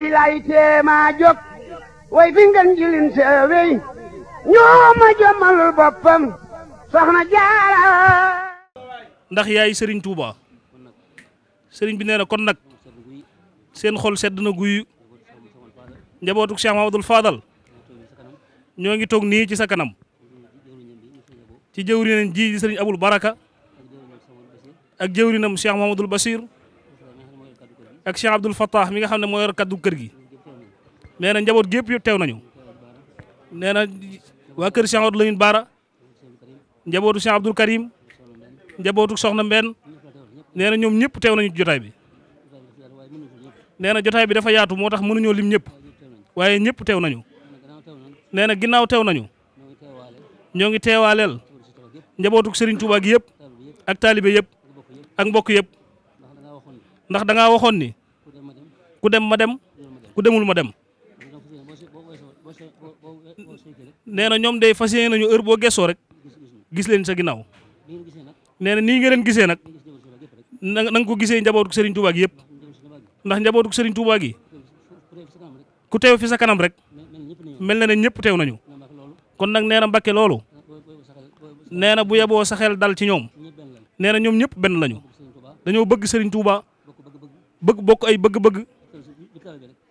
lay teema ma jëmalul yaay sëriñ Touba sëriñ bi nee kon nag seen xol sedd na guy njabootuk Fadal ñoo ngi toog nii ci sa kanam ci jëwrinam ji di sëriñ Abul Baraka ak jëwrinam Cheikh Mamadou Bachir ak Cheikh Abdoul Fattah mi nga xam ne moo yor kaddu kër gi nee na njaboot gi yëpp yëpp nañu nee na waa kër Cheikh Abdoul Lamine Bara njabootu Cheikh Abdoul Karim njabootu Soxna Mbenn nee na ñoom ñëpp tew nañu ci jotaay bi nee na jotaay bi dafa yaatu moo tax mënuñoo lim ñëpp waaye ñëpp teew nañu nee na ginnaaw tew nañu ñoo ngi teewaaleel njabootu Serigne Touba gi ak taalibe yëpp ak mbokk yëpp ndax da ngaa ni ku dem ma dem ku demul ma dem nee na ñoom day fas yéene nañu heure boo gëstoo rek gis leen sa ginnaaw nee na nii nga leen gisee nag na nga ko gisee njabootu Serigne Touba gi yëpp ndax njabootu Serigne Touba gi ku teew fi sa kanam rek mel na ne ñëpp teew nañu kon nag nee na loolu nee na bu yeboo sa xel dal ci ñoom nee ñoom ñëpp benn lañu dañoo bëgg Serigne Touba bëgg bokk ay bëgg-bëgg.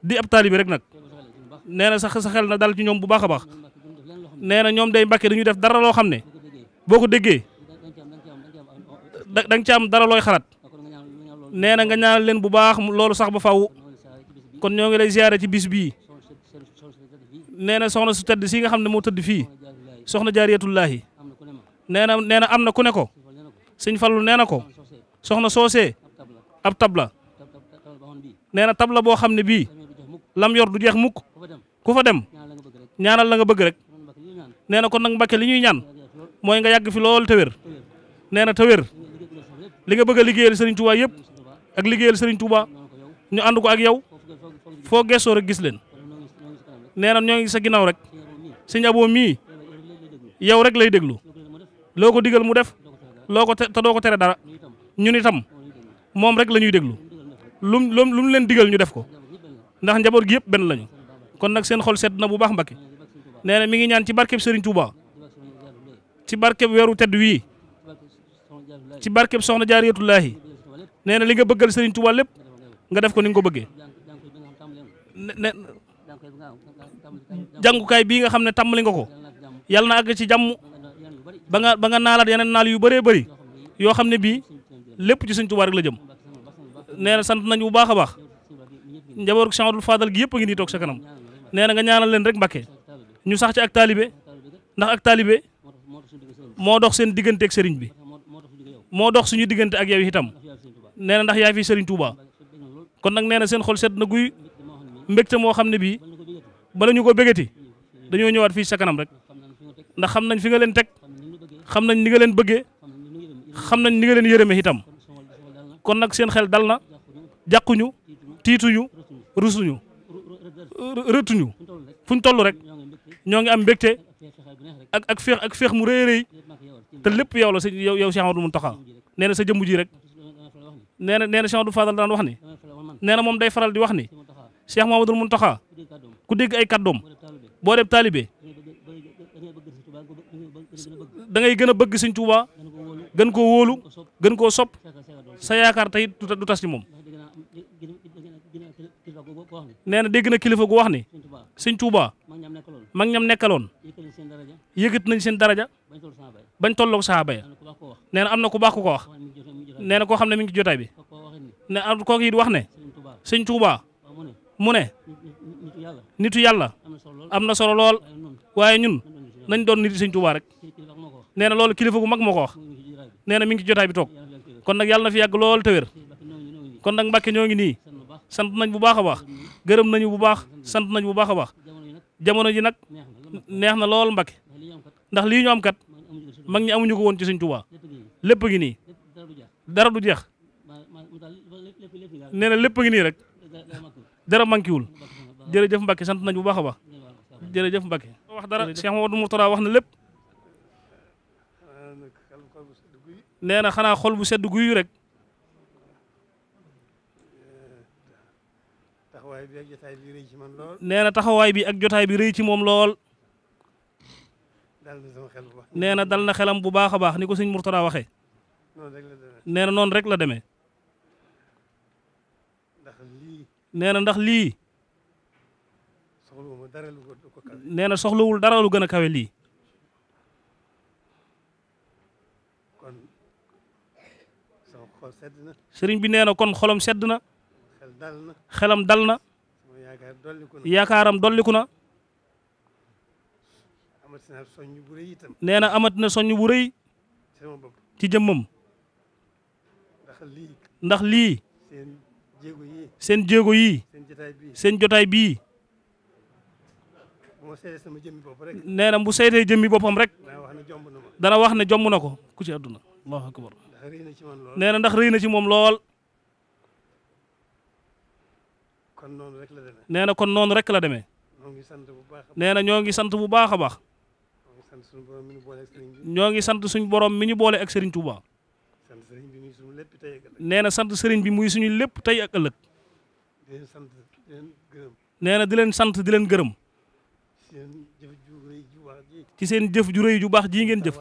di ab taalibi rek nag nee na sax sa xel na dal ci ñoom bu baax a baax nee ñoom day mbàkke dañuy def dara loo xam ne boo ko déggee da nga ci am dara looy xalaat nee na nga ñaanal leen bu baax loolu sax ba faw kon ñoo ngi lay ziyaare ci bis bii nee na soxna su si nga xam ne moo tëdd fii soxna jaariyatullaahi nee na nee na am na ku ne ab tab nee na tab la boo xam ne bii lam yor du jeex mukk ku fa dem ñaanal la nga bëgg rek nee na kon nag Mbàkke li ñuy ñaan mooy nga yàgg fi lool te wér nee na te li nga bëgg a liggéeyal Sëriñ Tuuba yëpp ak liggéeyal Sëriñ Tuuba ñu ànd ko ak yow foo gëstoo rek gis leen nee na ñoo ngi sa ginnaaw rek sëñ Abo mii yow rek lay déglu loo ko digal mu def loo ko te doo ko tere dara ñun itam moom rek la déglu lum lum lu mu leen digal ñu def ko ndax njaboot gi yëpp benn lañu kon nag seen xol sedd na bu baax Mbàkke nee na mi ngi ñaan ci barkeb Serigne Touba ci barkeb weeru tedd wii ci barkeb Soxna Jaaratullaahi nee na li nga bëggal Serigne Touba lépp nga def ko ni nga ko bëggee ne jàngukaay bii nga xam ne tàmmali nga ko yàlla na àgg ci jàmm ba nga ba nga naalaat yeneen naal yu bëree bëri yoo xam ne bii lépp ci Serigne Touba rek la jëm. nee na sant nañ bu baax a baax njaboot Cheikh Abdoul Fadal gi yëpp a ngi nii toog sa kanam nee na nga ñaanal leen rek Mbàkke ñu sax ci ak taalibe ndax ak taalibe moo dox seen diggante ak sëriñ bi moo dox suñu diggante ak yow itam nee na ndax yaa fi sëriñ Touba kon nag nee na seen xol sedd na guy mbégte moo xam ne bii bala ñu ko bégati dañoo ñëwaat fii sa kanam rek ndax xam nañ fi nga leen teg xam nañ ni nga leen bëggee xam nañ ni nga leen yërëmee kon nag seen xel dal na jàquñu tiituñu rusuñu rëtuñu fu ñu toll rek ñoo ngi am mbégte ak ak féex ak féex mu rëy rëy te lépp yow la sa yow yow Cheikh Amadou Mountakha nee na sa jëmm ji rek nee na nee na Cheikh Amadou daan wax ni nee moom day faral di wax ni Cheikh Mamadou Mountakha ku dégg ay kàddoom boo def taalibe da ngay gën a bëgg Sëñ Tuubaa gën koo wóolu gën koo sop sa yaakaar tey du tas ci moom nee na dégg na kilifa gu wax ni sëñ Tuuba mag ñam nekkaloon yëgit nañ seen daraja bañ tolloog saaba ya nee na am na ku baax ku ko wax nee na koo xam ne mi ngi jotaay bi ne am kooku it wax ne sëñ Tuuba mu ne nitu yàlla am na solo lool waaye ñun nañ doon nit sëñ Tuuba rek nee na loolu kilifa gu mag moo ko wax nee na mi ngi jotaay bi toog kon nag yàlla na fi yàgg lool te kon nag mbakke ñoo ngi nii sant nañ bu baax a baax gërëm nañu bu baax sant nañ bu baax a baax jamono ji nag neex na lool Mbàkke ndax lii ñu am kat mag ñi amuñu ko woon ci Sëñ Tuubaa lépp ngi nii dara du jeex nee na lépp ngi nii rek dara manquéwul jërëjëf Mbàkke sant nañ bu baax a baax jërëjëf Mbàkke wax dara Cheikh Mamadou Mourtada wax na lépp nee na xanaa xol bu sedd guy rek taxawaay bi ak jotaay ci man lool na taxawaay bi ak jotaay bi rëy ci moom lool nee na dal na xelam bu baax a baax ni ko sëñ Mourtada waxee nee na noonu rek la demee nee na ndax lii nee na soxlawul dara lu gën a kawe lii sëriñ bi nee na kon xolam sedd na xelam dal na yaakaaram dolliku na nee na amat na soññ bu rëy ci jëmmam ndax lii seen jéego yii seen jotaay bii nee na bu seetee jëmmi boppam rek dana wax ne jomb na ko ku ci àdduna allahu akbar nee na ndax rëy na ci moom lool. nee na kon noonu rek la demee. nee na ñoo ngi sant bu baax a baax. ñoo ngi sant suñu borom mi ñu boole ak Serigne Touba. nee na sant sëriñ bi muy suñu lépp tey ak ëllëg. nee na di leen sant di leen gërëm. ci seen jëf ju rëy ju baax ji ngeen jëf.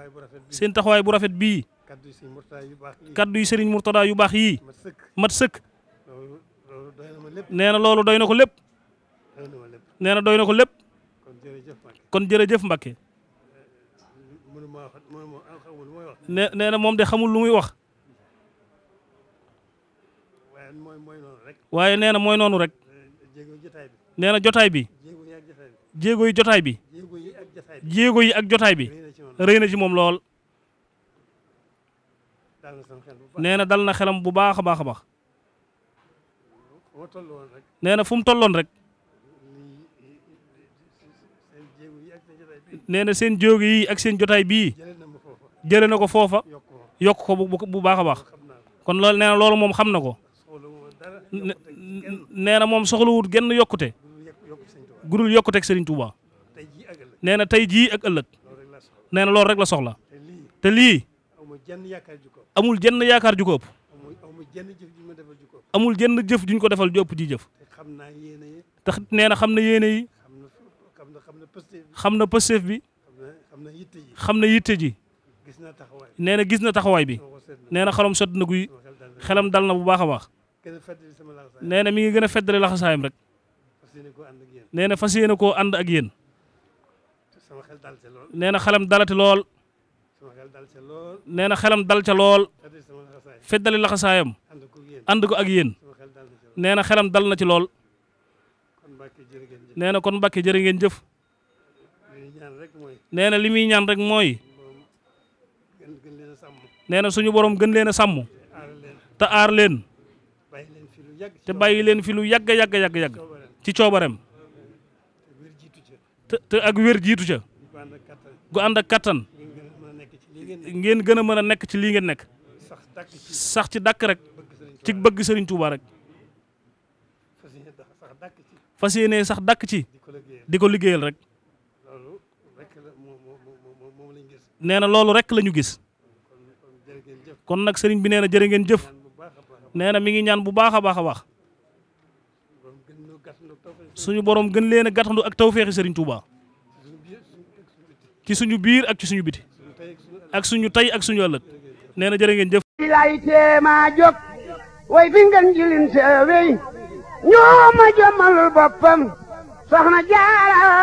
seen taxuwaay bu rafet bii. kaddu yi sëriñ Mourtada yu baax yi kaddu yi sëriñ Mourtada yu baax yi mat sëkk. nee na loolu doy na ko lépp. nee na doy na ko lépp. kon jërëjëf Mbacke. nee nee na moom de xamul lu muy wax. waaye nee na mooy noonu rek. Eh, nee na jotaay bi. jéego yi jotaay bi. jéego yi ak jotaay bi. rëy ci moom lool. nee na dal na xelam bu baax a baax a baax nee na fu mu tolloon rek nee na seen jóogi yi ak seen jotaay bii jëlee na ko foofa yokk ko bu baax a baax kon loolu nee na loolu moom xam na ko nee na moom soxlawut genn yokkute gudul yokkute ak Sëriñ Tuuba nee na jii ak ëllëg nee loolu rek la soxla te lii amul jenn yaakaar ju ko ëpp. amul jenn jëf ju ñu defal ju ko amul jenn jëf ju ko defal ju ëpp ji jëf. tax nee na xam na yéene yi. xam na pësteef bi. xam na yitte ji. nee na gis na taxawaay bi. nee na xalam sot na guy xelam dal na bu baax a baax. nee na mi ngi gën a feddali laxasaayam rek. nee na fas yéene koo ànd ak yéen. nee na xelam dalati lool. nee na xelam dal ca lool feddali laxasaayam ànd ko ak yéen nee na xelam dal na ci lool nee na kon Mbàkke jërë ngeen jëf nee na li muy ñaan rek mooy nee na suñu borom gën leen a sàmm te aar leen te bàyyi leen fi lu yàgg yàgg yàgg yàgg ci coobareem te te ak wér jiitu ca gu ànd ak kattan. ngeen gën a mën a nekk ci lii ngeen nekk sax ci dàkk rek ci bëgg Serigne Touba rek fas yéene sax dàkk ci di ko liggéeyal rek nee na loolu rek lañu ñu gis kon nag sëriñ bi nee na jërë ngeen jëf nee na mi ngi ñaan bu baax a baax a baax suñu borom gën leen a gàttandu ak tawféexi sëriñ Touba ci suñu biir ak ci suñu biti. ak suñu tey ak suñu ëllëg nee na jërë ngeen jëf lay teema jóg way fi ngeen jilin seewey ñoo ma boppam soxna jaara